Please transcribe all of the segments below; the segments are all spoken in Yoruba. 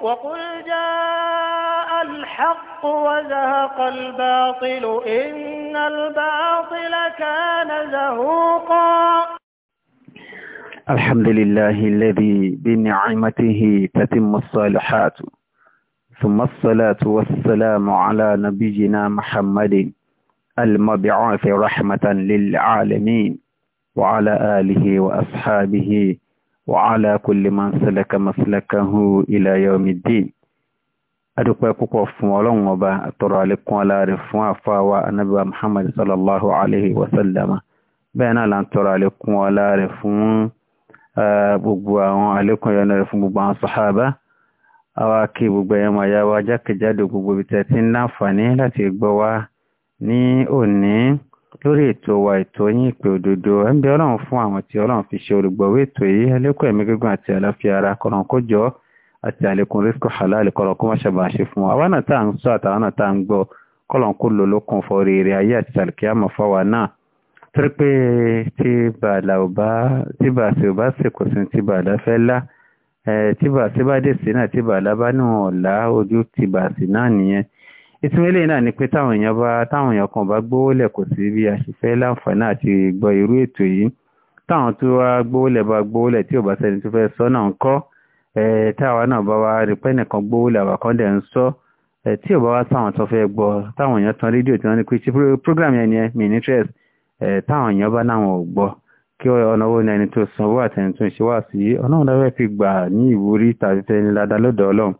وقل جاء الحق وزهق الباطل إن الباطل كان زهوقا الحمد لله الذي بنعمته تتم الصالحات ثم الصلاة والسلام على نبينا محمد المبعوث رحمة للعالمين وعلى آله وأصحابه وعلى كل من سلك مسلكه إلى يوم الدين adúpẹ́ púpọ̀ fún ọlọ́run ọba àtọrọ àlékún aláàrẹ fún àfáwà anábíwá muhammad sallallahu alaihi wasallama bẹ́ẹ̀ náà là ń tọrọ àlékún aláàrẹ fún gbogbo àwọn àlékún yọnu rẹ̀ fún gbogbo àwọn sàhábà àwa kí gbogbo ẹ̀yàn máa yá wa jákèjádò gbogbo ibi tẹ́tí ń láǹfààní láti gbọ́ wa ní òní lórí ètò wa ètò yín ìpè òdodo ẹ̀ ń bẹ ọlọ́run fún àwọn tí ọlọ́run fi ṣe olùgbọ̀wé ètò yìí ẹlẹ́kọ̀ọ́ ẹ̀mí gígùn àti àlàáfíà ara kọ̀ọ̀ràn kó jọ àti àlékún rísíkò halal kọ̀ọ̀ràn kó má ṣàbà ṣe fún wa àwa náà tá à ń sọ àtàwọn náà tá à ń gbọ́ kọ́lọ̀n kó lò lókun fọ rere ayé àti sàlùkíyàmọ̀ fáwa náà torí pé tí bàálà ò bá tí bàásì fẹ́ lá ìtumọ̀ eléyìí náà ni pé táwọn èèyàn bá táwọn èèyàn kan bá gbówólẹ̀ kò sí bí a ṣe fẹ́ láǹfààní àti gbọ́ irú ètò yìí táwọn tó wá gbówólẹ̀ bá gbówólẹ̀ tí ò bá sẹ́ni tó fẹ́ sọ náà ń kọ́ táwa náà bá wá rí pẹ́ nìkan gbówólẹ̀ àwàkọ́ dẹ̀ ń sọ tí ò bá wá táwọn tó fẹ́ gbọ́ táwọn èèyàn tan rédíò tí wọ́n ní pé ṣe program yẹn yẹn mi táwọn èèyàn bá náwọn ò gbọ́ kí ọ̀nà owó ni ẹni tó sanwó àtẹni tó ń ṣe wá sí ọ̀nà òun náà fẹ́ fi gbà ní ìwúrí tàbí tẹni ládàá lọ́dọ̀ ọlọ́run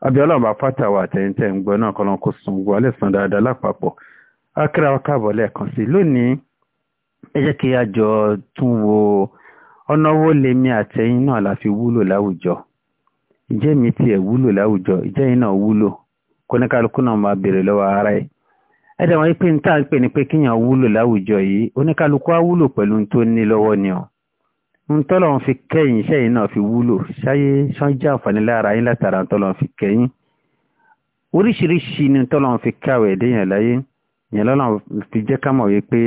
abiola bá pátá wa àtẹ̀yìntẹ̀ ń gbọ́ náà kọ́lọ́n kó sun gbọ́ alẹ́ sàn dáadáa lápapọ̀ akíra káàbọ̀ lẹ́ẹ̀kan sí lónìí ẹ jẹ́ kí a jọ tún wo ọ̀nà wo lèmi àtẹ̀yìn na la fi wúlò láwùjọ ìjẹ́ mi tiẹ̀ wúlò láwùjọ ìjẹ́ yìí náà wúlò kóníkálukú náà máa béèrè lọ́wọ́ ara ẹ̀ ẹ dẹ̀ wọ́n pé ní tá à ń pè ní pé kíyàn wúlò láwùjọ yìí oníkálukú á wúlò pẹ̀lú tó ní lọ́wọ́ ni ọ́ ń tọ́lọ̀un fi kẹ́yìn iṣẹ́ yìí náà fi wúlò ṣáyé ṣánjẹ́ àǹfààní lára yín látara tọ́lọ̀un fi kẹ́yìn oríṣiríṣi ni tọ́lọ̀un fi káwé ẹ̀dẹ́yàn láyé yẹn lọ́lọ́run fi jẹ́ ká mọ̀ wípé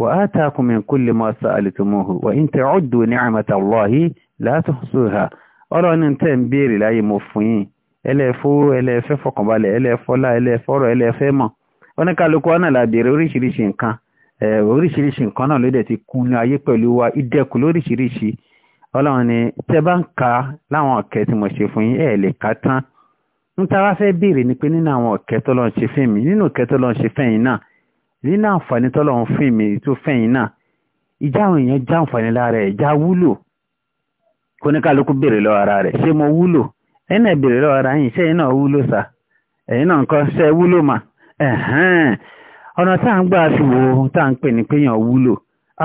wa atakum min kulli ma sa'altumuhu wa in ta'uddu ni'matallahi la tuhsuha ọlọ́ni tẹ́ ń béèrè láyé mo fún yín ẹlẹ́fọ́ ẹlẹ́fẹ́ fọkànbalẹ̀ ẹlẹ́fọ́lá ẹlẹ́fọ́rọ̀ ẹlẹ́fẹ́ mọ̀ oníkálukú ọ̀nà làbẹ̀rẹ̀ oríṣiríṣi nǹkan oríṣiríṣi nǹkan náà ló dẹ̀ ti kún ní ayé pẹ̀lú wa ìdẹ́kù lóríṣiríṣi ọlọ́run ni tẹ́ bá ń ka láwọn ọ̀kẹ́ tí mo ṣe fún yín ẹ̀ lè ka tán ń tá fẹ́ béèrè ni pé nínú àwọn ọ̀kẹ́ tọ́lọ́run ṣe fún mi nínú ọ̀kẹ́ tọ́lọ́run ṣe fẹ́yìn náà nínú àǹfààní tọ́lọ́run fún mi tó fẹ́yìn náà ìjà àwọn èèyàn já àǹfààní lára ẹ̀ já wúlò kó béèrè ara rẹ̀ ṣé mo wúlò ẹ̀yin náà béèrè ara yín ṣé ẹ̀yin náà wúlò sá ẹ̀yin náà ṣe wúlò mà ẹ̀hẹ́n ọ̀nà tá à ń gbà fi wo ohun tá à ń pè ní pé èèyàn wúlò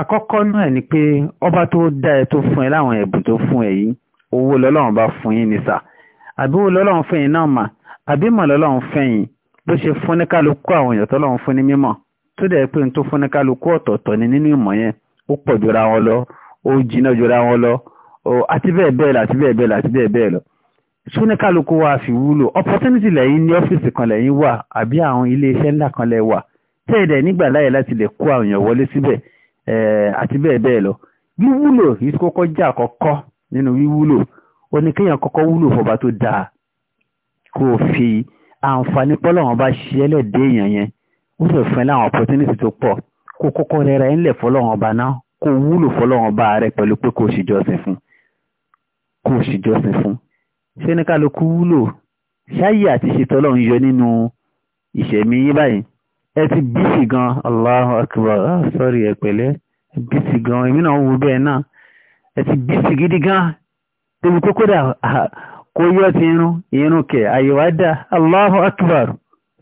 àkọ́kọ́ náà ni pé ọba tó dá ẹ tó fún ẹ láwọn ẹ̀bùn tó fún ẹ yìí owó lọ́lọ́run bá fún yín ní sà àbí owó lọ́lọ́run fún yín náà mà àbí mọ̀ lọ́lọ́run fún yín ló ṣe fún ní kálukú àwọn èèyàn tọ́lọ́run fún ní mímọ̀ tó dẹ̀ pé n tó fún ní kálukú ọ̀tọ̀ọ̀tọ̀ ni nínú ìmọ̀ yẹn ó pọ̀ jura wọn lọ ó jìnnà jura wọn lọ àti bẹ́ẹ̀ bẹ́ẹ̀ lọ àti bẹ́ẹ̀ bẹ́ẹ̀ lọ àti bẹ́ẹ̀ bẹ́ẹ̀ lọ tún ní kálukú wa fi wúlò opportunity lẹ́yìn ní ọ́fíìsì kan lẹ́yìn wà àbí àwọn ilé ńlá kan lẹ́ wà tẹ́ẹ̀dẹ̀ nígbà láyé láti lè kó àwọn èèyàn wọlé síbẹ̀ eh, àti bẹ́ẹ̀ bẹ́ẹ̀ lọ wíwúlò yìí kọ́kọ́ jẹ́ àkọ́kọ́ nínú wíwúlò ó ní kéèyàn kọ́kọ́ wúlò fọba tó dáa kó o fi àǹfààní pọ́lọ́wọ́n bá ṣiṣẹ́ lẹ́dẹ́ èèyàn yẹn ó sì fún ẹ láwọn opportunity tó pọ̀ kó kọ́kọ́ rẹ ra ẹ̀ ńlẹ̀ fọlọ́wọ́n ọba náà kó wúlò fọlọ́wọ́n ọba rẹ pẹ̀lú pé kó o ṣèjọsìn fún kó o ṣèjọsìn fún ṣé ní kálukú wúlò ṣáyé àti ṣètọ́lọ́run yọ nínú ìṣẹ̀mí yín báyìí ẹ ti bísì gan Allahu Akbar ah, sọ́rí ẹ pẹ̀lẹ́ bísì gan èmi náà wù bẹ́ẹ̀ náà ẹ ti bísì gidi gan débi kó kódà ah, kó yọ ti irun irun kẹ àyèwá dá Allahu Akbar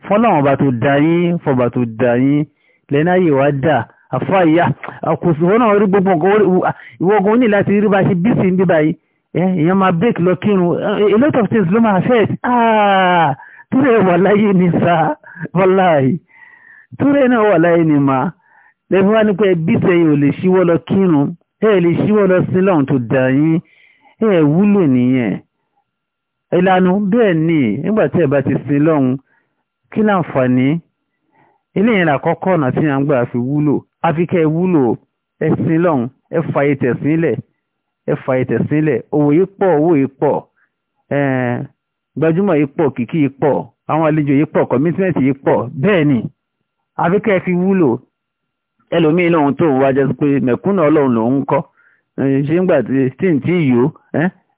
fọ́láwọn ọba tó dá yín fọba tó dá yín lẹ́nà àyèwá dá àfáàyà náà orí gbogbo of things ló máa affect ah tí ó wà túrẹ́ náà wà láyé ni máa lẹ́fún wá ní pé ẹbí sẹ́yìn ò lè ṣíwọ́ lọ kírun ẹ lè ṣíwọ́ lọ sí lọ́hùn tó dà yín ẹ wúlò nìyẹn ìlànà bẹ́ẹ̀ ni nígbà tí ẹ bá ti sin kí láǹfààní ilé yẹn làkọ́kọ́ ọ̀nà tí ń gbà fi wúlò àfi kẹ́ ẹ wúlò ẹ sin ẹ ẹ owó yìí pọ̀ owó yìí pọ̀ gbajúmọ̀ yìí ni. àfi kẹ́ ẹ fi wúlò ẹlòmíín lòun tó ń wájẹ́ pé mẹ̀kúnnà ọlọ́run lòun ń kọ́ ṣé ńgbà tí ń tí yòó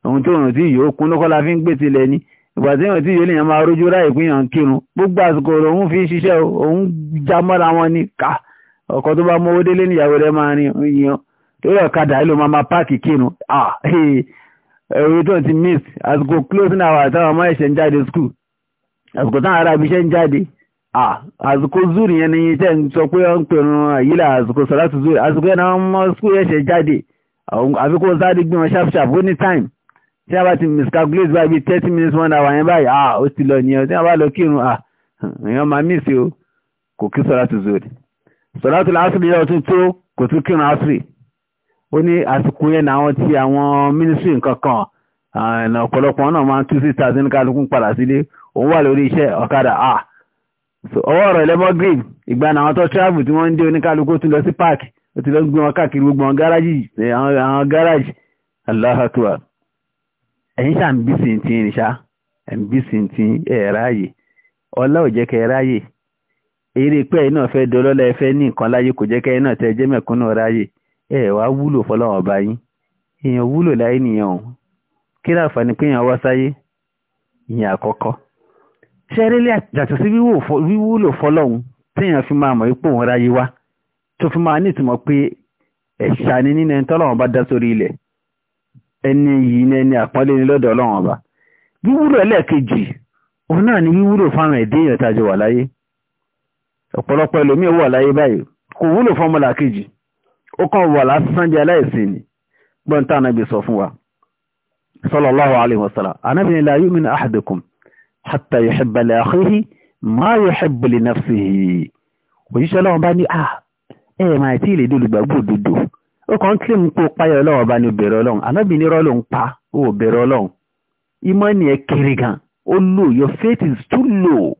ohun tó rùn tí yòó kún lọ́kọ́ la fi ń gbé tilẹ̀ ni ìgbà tí yòó tí yòó lèèyàn máa rójú ráì pín yàn kírun gbogbo àsìkò òun fi ṣiṣẹ́ òun já mọ́ra wọn ni ká ọkọ̀ tó bá mówó délé níyàwó rẹ̀ máa rin yan lórí ọ̀kadà ló máa máa páàkì kírun ẹ̀rọ tó ti miss àsìkò closing hour táwọn ọmọ ẹ̀ṣẹ̀ ń jáde school àsìkò táwọn ará ń jáde àsìkò zuri yẹn ni tẹ́ ń sọ pé ń pèrún àyílà àsìkò sọ́láti zuri àsìkò yẹn náà mọ́ skúl ẹ̀ṣẹ̀ jáde àfikò sáré gbé wọn ó ní time tí a bá ti miscalculate báyìí bíi thirty minutes one hour yẹn báyìí ah ó ti lọ nìyẹn tí a bá lọ kírun ah èèyàn máa mí sí o kò kí sọ́láti zuri sọ́láti lásìrì yẹn ọtún tó kò tún kírun àsìrì ó ní àsìkò yẹn náà ti àwọn ministry nǹkan kan ọ̀pọ̀lọpọ̀ náà máa ń sí tàbí ní padà sílé òun wà lórí iṣẹ́ ọ̀kadà ah ọwọ́ ọ̀rọ̀ ilẹ̀ Maghrib ìgbà náà àwọn tó travel tí wọ́n ń dé oníkálukú tún lọ sí park ó ti lọ gbé wọn káàkiri gbogbo àwọn gáràjì eh, àwọn gáràjì ẹ̀yin ń bí sí ti ń ṣá ń bí sí ti ẹ̀ ráàyè ọlá ò jẹ́ kẹ́ eré pé ẹ̀yin náà fẹ́ dọlọ́lá ní nǹkan láyé kò jẹ́ kẹ́ ẹ̀yin náà tẹ́ ṣẹ́rẹ́lẹ́ àjàtọ̀ sí wíwúlò fọlọ́hun téèyàn fi máa mọ̀ ipò òun ráyé wá tó fi máa ní ìtumọ̀ pé ẹ̀ṣà ni nínú ẹni tọ́lọ́wọ́n bá dá sórí ilẹ̀ ẹni yìí ni ẹni àpọ́nlé ni lọ́dọ̀ ọlọ́wọ́n bá wíwúlò ẹlẹ́ẹ̀kejì òun náà ni wíwúlò fáwọn ẹ̀dẹ́ èèyàn tàjọ wà láyé ọ̀pọ̀lọpọ̀ ẹlòmíì wà láyé báyìí kò wúlò fọ́mọlà kejì ó kàn wà lásán jẹ́ aláìsìn ni gbọ́n tá sọ fún wa la حتى يحب لأخيه ما يحب لنفسه. li nafsihi òjíṣẹ́ آه إيه ما à ẹ máa tí ì lè dé olùgbàgbọ́ òdodo بيرولون أنا بني رولون pé ó بيرولون. ọlọ́run bá ní obìnrin your faith is too low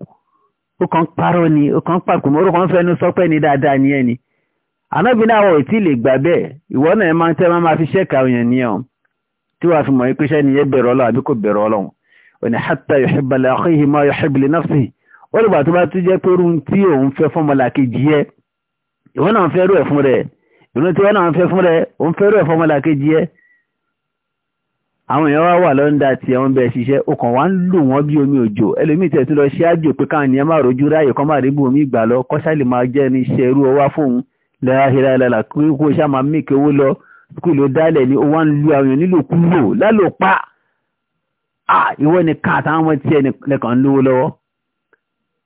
ó kàn ń parọ́ ni ó kàn ń pàkó mọ́ ó kàn ń fẹnu sọ́pẹ́ ni dáadáa ni ẹni anábìnrin àwọn ò tí ì lè gbà bẹ́ẹ̀ ìwọ náà máa ń fi ṣẹ́ka òyìn ni ọ̀ tí wàá fi mọ̀ pé ṣẹ́ni yẹn bẹ̀rẹ̀ ọlọ́run àbí kò òní hàtà yuhibba li akhihi ma yuhibbu li nafsihi ó lè gbà tó bá tó jẹ́ pé irun tí òun fẹ́ fún ọmọlàkejì ẹ ìwọ náà ń fẹ́ rú ẹ̀ fún rẹ̀ irun tí wọ́n náà ń fẹ́ fún rẹ̀ òun fẹ́ rú ẹ̀ fún ọmọlàkejì ẹ. àwọn èèyàn wá wà lọ́ńdà tí wọ́n bẹ̀ ṣiṣẹ́ ó kàn wá ń lò wọ́n bí omi òjò ẹlòmíì tẹ̀ ìwọ ni ká àtàwọn ọmọ tí ẹnìkan lówó lọ́wọ́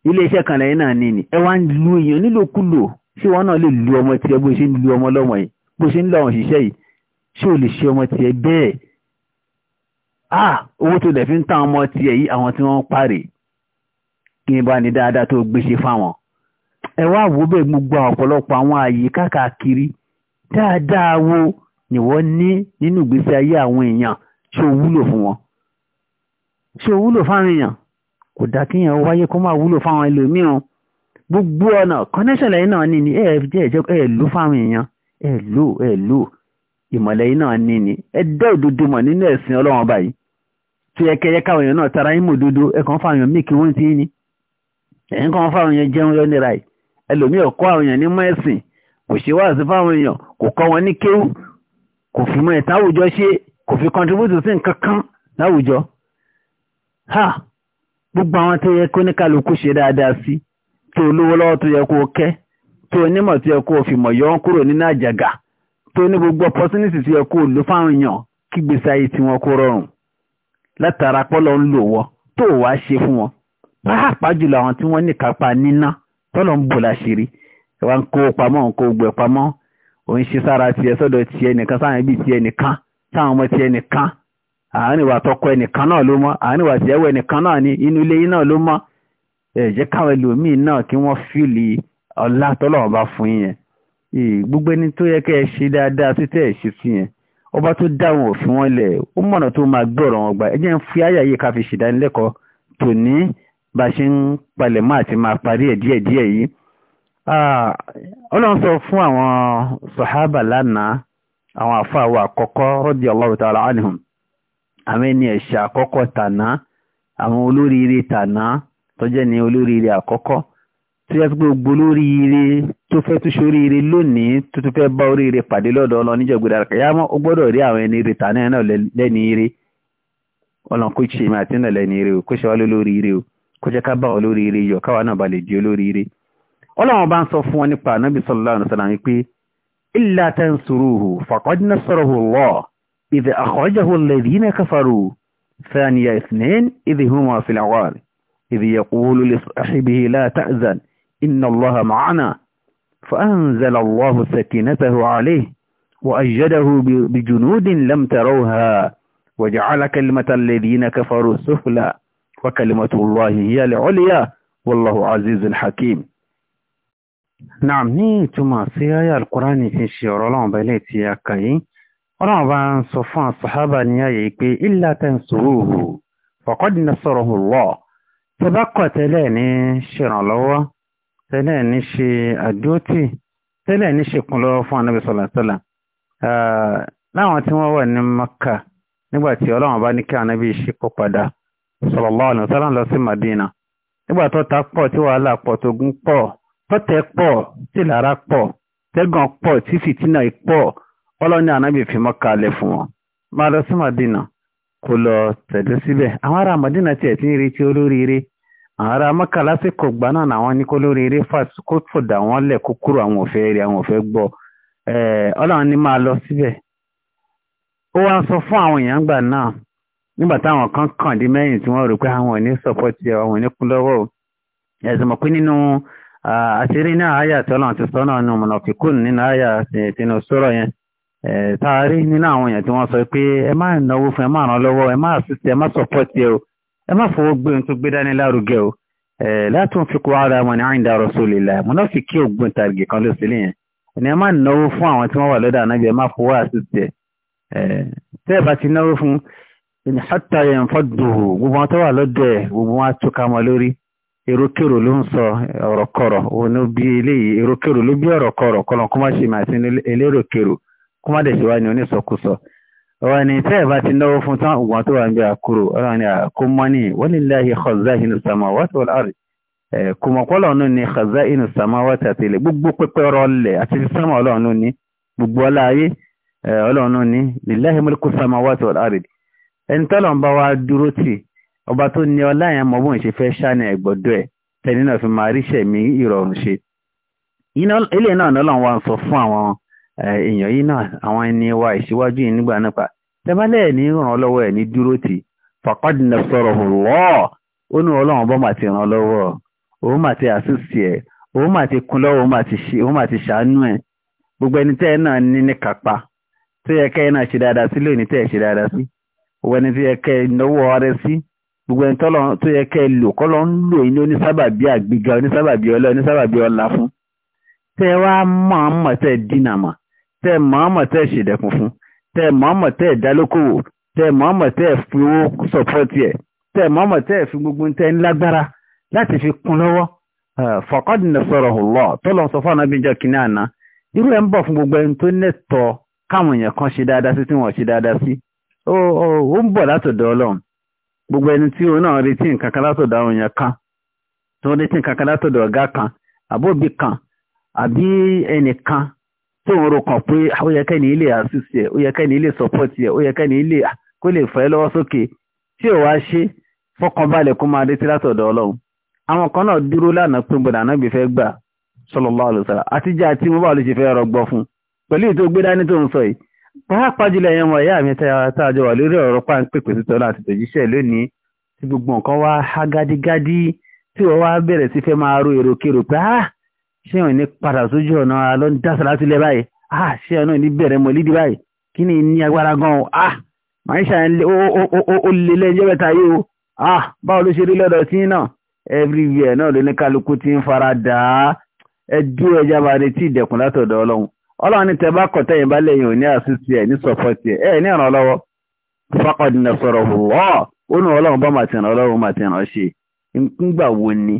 iléeṣẹ́ kan lẹ́yìn náà ní ni ẹ wá ń lu èèyàn nílòkulò ṣé wọn náà lè lu ọmọ tiẹ̀ bó ṣe ń lu ọmọ lọ́mọ yìí bó ṣe ń lọ àwọn òṣìṣẹ́ yìí ṣé o lè ṣe ọmọ tiẹ̀ bẹ́ẹ̀ ah owó tó dẹ̀ fi ń tàn ọmọ tiẹ̀ yìí àwọn tí wọ́n ń parí kí n bá ní dáadáa tó gbéṣe fáwọn ẹ wá wo bẹ́ẹ̀ gbogbo ọ̀pọ̀lọpọ̀ àwọn ààyè káàkiri dáadáa wo ni wọ́n ní nínú ìgbésí ayé àwọn èèyàn ṣé o wúlò fún wọn ṣé ó wúlò fáwọn èèyàn kò dá kí èèyàn wáyé kó máa wúlò fáwọn ẹlòmíràn gbogbo ọ̀nà connection lẹ́yìn náà ní ni ẹ jẹ́ ẹ̀jẹ̀ ẹ lò fáwọn èèyàn ẹ lò ẹ lò ìmọ̀lẹ̀ yìí náà ní ni ẹ dẹ́ òdodo mọ̀ nínú ẹ̀sìn ọlọ́run báyìí tí ẹ kẹyẹ káwọn èèyàn náà tara yín mọ̀ òdodo ẹ kàn fáwọn èèyàn míìkì wọ́n ti ní ẹ̀yìn kan fáwọn èèyàn jẹun lọ ha gbogbo àwọn tó yẹ kó ní kálukú ṣe dáadáa sí tó olówó lọ́wọ́ tó yẹ kó kẹ́ tó onímọ̀ tó yẹ kó fìmọ̀ yọ kúrò nínú àjàgà tó ní gbogbo opportunity tó yẹ kó lò fáwọn èèyàn kí gbèsè ayé tí wọn kó rọrùn látara pọ́lọ́ ń lò wọ́ tó wá ṣe fún wọn pàápàá jùlọ àwọn tí wọ́n ní kápá níná tọ́lọ̀ ń bò láṣìírí wa ń kó pamọ́ ń kó gbẹ̀ pamọ́ òun ṣe sára tiẹ̀ sọ́dọ̀ tiẹ̀ nìkan sáwọn ẹbí tiẹ̀ nìkan sáwọn ọmọ tiẹ̀ nìkan àárín ìwà tọkọ ẹnìkan náà ló mọ́ àárín ìwà tìyàwó ẹnìkan náà ní inú ilé náà ló mọ́ ẹ káwọn ẹlòmíì náà kí wọ́n fìlì ọlá bá fún yẹn gbogbo ẹni tó yẹ kẹ́ ẹ ṣe dáadáa sí tẹ́ ẹ ṣe sí yẹn ọba tó òfin wọn lẹ̀ ó mọ̀nà tó máa wọn gbà ń fi àyà yìí ká fi ṣèdánilẹ́kọ̀ọ́ tòní bá ṣe ń palẹ̀ mọ́ àti máa parí ẹ̀ díẹ̀díẹ̀ yìí ọlọ́run sọ fún àwọn lánàá àwọn àkọ́kọ́ àwọn ẹni ẹ̀ṣẹ̀ àkọ́kọ́ tàná àwọn olóríire tàná tọ́jẹ́ ni olóríire àkọ́kọ́ tó yẹ pé gbogbo olóríire tó fẹ́ tún ṣoríire lónìí tó fẹ́ bá oríire pàdé lọ́dọ̀ ọlọ́ níjọ̀gbọ̀dà ó gbọ́dọ̀ rí àwọn ẹni tàná mi àti o kó ṣe wá o kó jẹ́ ká bá yọ káwa náà ba lè di ọlọ́wọ́n bá إذا أخرجه الذين كفروا ثاني اثنين إذ هما في العوار إذ يقول لصاحبه لا تأذن إن الله معنا فأنزل الله سكينته عليه وأجده بجنود لم تروها وجعل كلمة الذين كفروا سفلا وكلمة الله هي العليا والله عزيز الحكيم نعم ní سيايا القرآن ayà alkùránì fi ṣe ọ̀rọ̀ ọlọ́run ọlọ́run ọba ń sọ fún àṣàhábà ní ààyè pé ilá tansuruhu faqad nasarahu Allah tẹ bá kọ̀ tẹ́lẹ̀ ní ṣèrànlọ́wọ́ tẹ́lẹ̀ ní ṣe àdótì tẹ́lẹ̀ ní ṣe kúnlọ́wọ́ fún anábì láwọn tí wọ́n wà ní nígbà tí bá ní kí anábì ṣe kó padà sallallahu alaihi ọlọ́ni ànábì fi mọ́kàlẹ̀ fún wọn máa lọ sí madina kó lọ tẹ̀dó síbẹ̀ àwọn ará madina tiẹ̀ ti ń retí olóríire àwọn ará lásìkò gbà náà làwọn ní kó lóríire kó lẹ̀ kó kúrò àwọn òfẹ́ rí àwọn òfẹ́ lọ síbẹ̀ ó wá ń sọ fún àwọn èèyàn gbà náà nígbà táwọn kan kàn dí mẹ́yìn tí wọ́n rò pé àwọn ní sọ́pọ́tì àwọn ní kú lọ́wọ́ ẹ̀sùn mọ̀ pé nínú àṣírí náà àyà tí ọlọ́run ti sọ náà nù mọ̀nà nínú tààrí nínú àwọn èèyàn tí wọ́n sọ pé ẹ má náwó fún ẹ má ràn lọ́wọ́ ẹ má àṣìṣe ẹ má sọpọ́tì ẹ o ẹ má fowó gbé ohun tó gbé dání lárugẹ o látún fi kó ara wọn ní àyìndá Rasulillah mùnáfíkí ògbón tàgé kan ló sílẹ̀ yẹn ẹni ẹ má náwó fún àwọn tí wọ́n wà lọ́dọ̀ ànábì ẹ má fowó àṣìṣe ẹ ẹ bá ti náwó fún hatta yanfaddu gbogbo wọn tó wà lọ́dọ̀ ẹ gbogbo wọn á túká lórí erokero ló ń sọ ọ̀rọ̀kọ̀rọ̀ òun ló bí eléyìí erokero ló bí ọ̀rọ̀kọ̀rọ̀ kọlọ̀kọ́ má màá sí elérokero kó má dẹ̀ ṣe wá ní onísọkúsọ ọ̀rọ̀ ni tẹ́ ẹ̀ bá ti náwó fún tán ògùn tó wà ń bí àkúrò ọ̀rọ̀ ni kó mọ́ ní walillahi khaza'inu samawati wal ard kò mọ̀ pọ́ lọ́nà ni khaza'inu samawati àti ilẹ̀ gbogbo pẹ́pẹ́ rọlẹ̀ àti sísámà ọlọ́run ní gbogbo ọláyé ọlọ́run ní lillahi mulku samawati wal ilé náà lọ́lọ́run sọ fún àwọn èèyàn yìí náà àwọn ẹni wa ìṣíwájú yìí nígbà náà pa tẹ́bálẹ̀ ní ràn lọ́wọ́ ẹ̀ ní dúró tì faqad nasarahu Allah ó ní ọlọ́run bọ́ ti ràn lọ́wọ́ òun ẹ̀ òun lọ́wọ́ òun gbogbo ẹni tẹ́ ẹ náà ní ní kápá tó yẹ kẹ́ ẹ náà ṣe gbogbo ẹni tó yẹ gbogbo ẹni tó yẹ kẹ́ ẹ lò ń lò yín ní àgbéga tẹ mọ́ọ́mọ̀ tẹ́ ṣèdẹ̀kùn fún tẹ́ mọ́ọ́mọ̀ tẹ́ dálókòwò tẹ́ mọ́ọ́mọ̀ tẹ́ fi owó ẹ̀ tẹ mọ́ọ́mọ̀ tẹ́ fi gbogbo tẹ́ ń láti fi kún lọ́wọ́ eh, faqad nasarahu Allah tó sọ fún àná irú gbogbo ẹni tó nẹ́tọ̀ káwọn èèyàn kan ṣe dáadáa sí tí ṣe dáadáa sí ó ń bọ̀ látọ̀dọ̀ Ọlọ́run gbogbo ẹni tí òun náà retí nǹkan kan látọ̀dọ̀ ọ̀gá kan àbóbi kan tó ń rokàn pé ah, ó yẹ kẹ́ni ilé àṣìṣe ẹ̀ ó yẹ kẹ́ni ilé support ẹ̀ ó yẹ kẹ́ni ilé ah, kó lè fẹ́ lọ́wọ́ sókè tí ò wá ṣe fọkànbalẹ̀ kó máa retí látọ̀dọ̀ ọlọ́run àwọn kan náà dúró lánàá pé gbọdọ̀ àná gbèfẹ́ gbà sallallahu alaihi wasallam àtijọ́ àti mo bá lè ṣe fẹ́ rọgbọ fún pẹ̀lú ètò gbé dání tó ń sọ yìí pàápàá jùlọ ẹ̀yàn wọ̀ ìyá mi tààjọ wà lórí ọ̀rọ̀ páńpẹ́ pèsè tọ́lá àti tòjíṣẹ́ lónìí tí gbogbo nǹkan wá há gádígádí tí wọ́n wá bẹ̀rẹ̀ sí fẹ́ máa ro èrò kérò pé ah ṣé wọn ní padà sójú ọ̀nà ara ló ń dá sàlátì lẹ báyìí ah ṣé wọn náà ní bẹ̀rẹ̀ mọ̀lídìí báyìí kí ni ní agbára gan o ah màá ń ṣàyẹn ó lè lẹ́yìn bẹ́ẹ̀ táyé o ah báwo ló ṣe rí lọ́dọ̀ tí náà everywhere náà ló ní kálukú ti ń fara dà á ẹ dúró ẹja bá rí tí ìdẹ̀kùn látọ̀dọ̀ ọlọ́run ọlọ́run ní tẹ́bá kọ̀tẹ́yìn bá lẹ́yìn ò ní àṣìṣe ẹ̀ ní sọ̀pọ̀tì ẹ̀ ní ìrànlọ́wọ́ faqad nasarahu Allah ó nù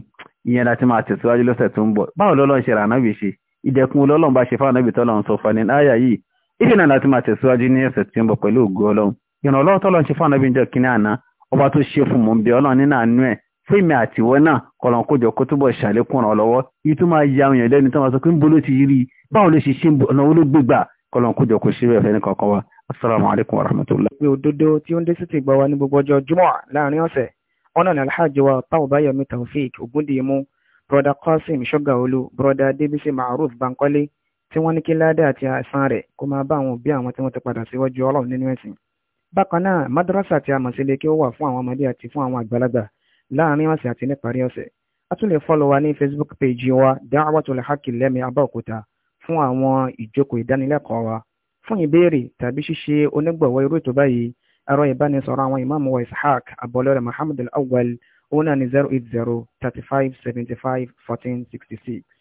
ìyẹn láti máa tẹ̀síwájú lọ́sẹ̀ tó ń bọ̀ báwo lọ́lọ́n ṣe rà náà ṣe ìdẹ̀kùn olọ́lọ́n bá ṣe fáwọn náà tọ́lọ́ ń sọ fani áyà yìí ìdí náà láti máa tẹ̀síwájú ní ẹ̀sẹ̀ tó ń bọ̀ pẹ̀lú ògo ọlọ́run ìrànlọ́wọ́ tọ́lọ́ ń ṣe fáwọn náà jọ kíní àná ọba tó ṣe fún mò ń bẹ ọlọ́run nínú àánú ẹ̀ fún ìmẹ̀ àtiwọ́ náà kọ̀lọ̀n kójọ kó túbọ̀ ṣàlékún ọ̀ràn lọ́wọ́ wọn náà ní alhaji wa táwọn báyọ̀mí taofik ogundiyemu broda qasim ṣọgàolu broda débísì maruf bankole tí wọ́n ní kí ládà àti àìsàn rẹ̀ kó máa bá àwọn òbí àwọn tí wọ́n ti padà síwájú ọlọ́run nínú ẹ̀sìn bákan náà madrasa àti amọ̀sílẹ̀ kí ó wà fún àwọn ọmọdé àti fún àwọn àgbàlagbà láàrin ọ̀sẹ̀ àti níparí ọ̀sẹ̀ a tún lè fọ́lọ̀ wa ní facebook page wa da'watul haqq lẹ́mí abáòkúta fún àwọn ìjókòó ìdánilẹ́kọ̀ọ́ wa fún ìbéèrè tàbí ṣíṣe onígbọ̀wọ́ irú ètò báyìí الريباني سرعوا وإمام وإسحاق أبو أبولور محمد الأول هنا نزاروا إذ زاروا 35 75 14 66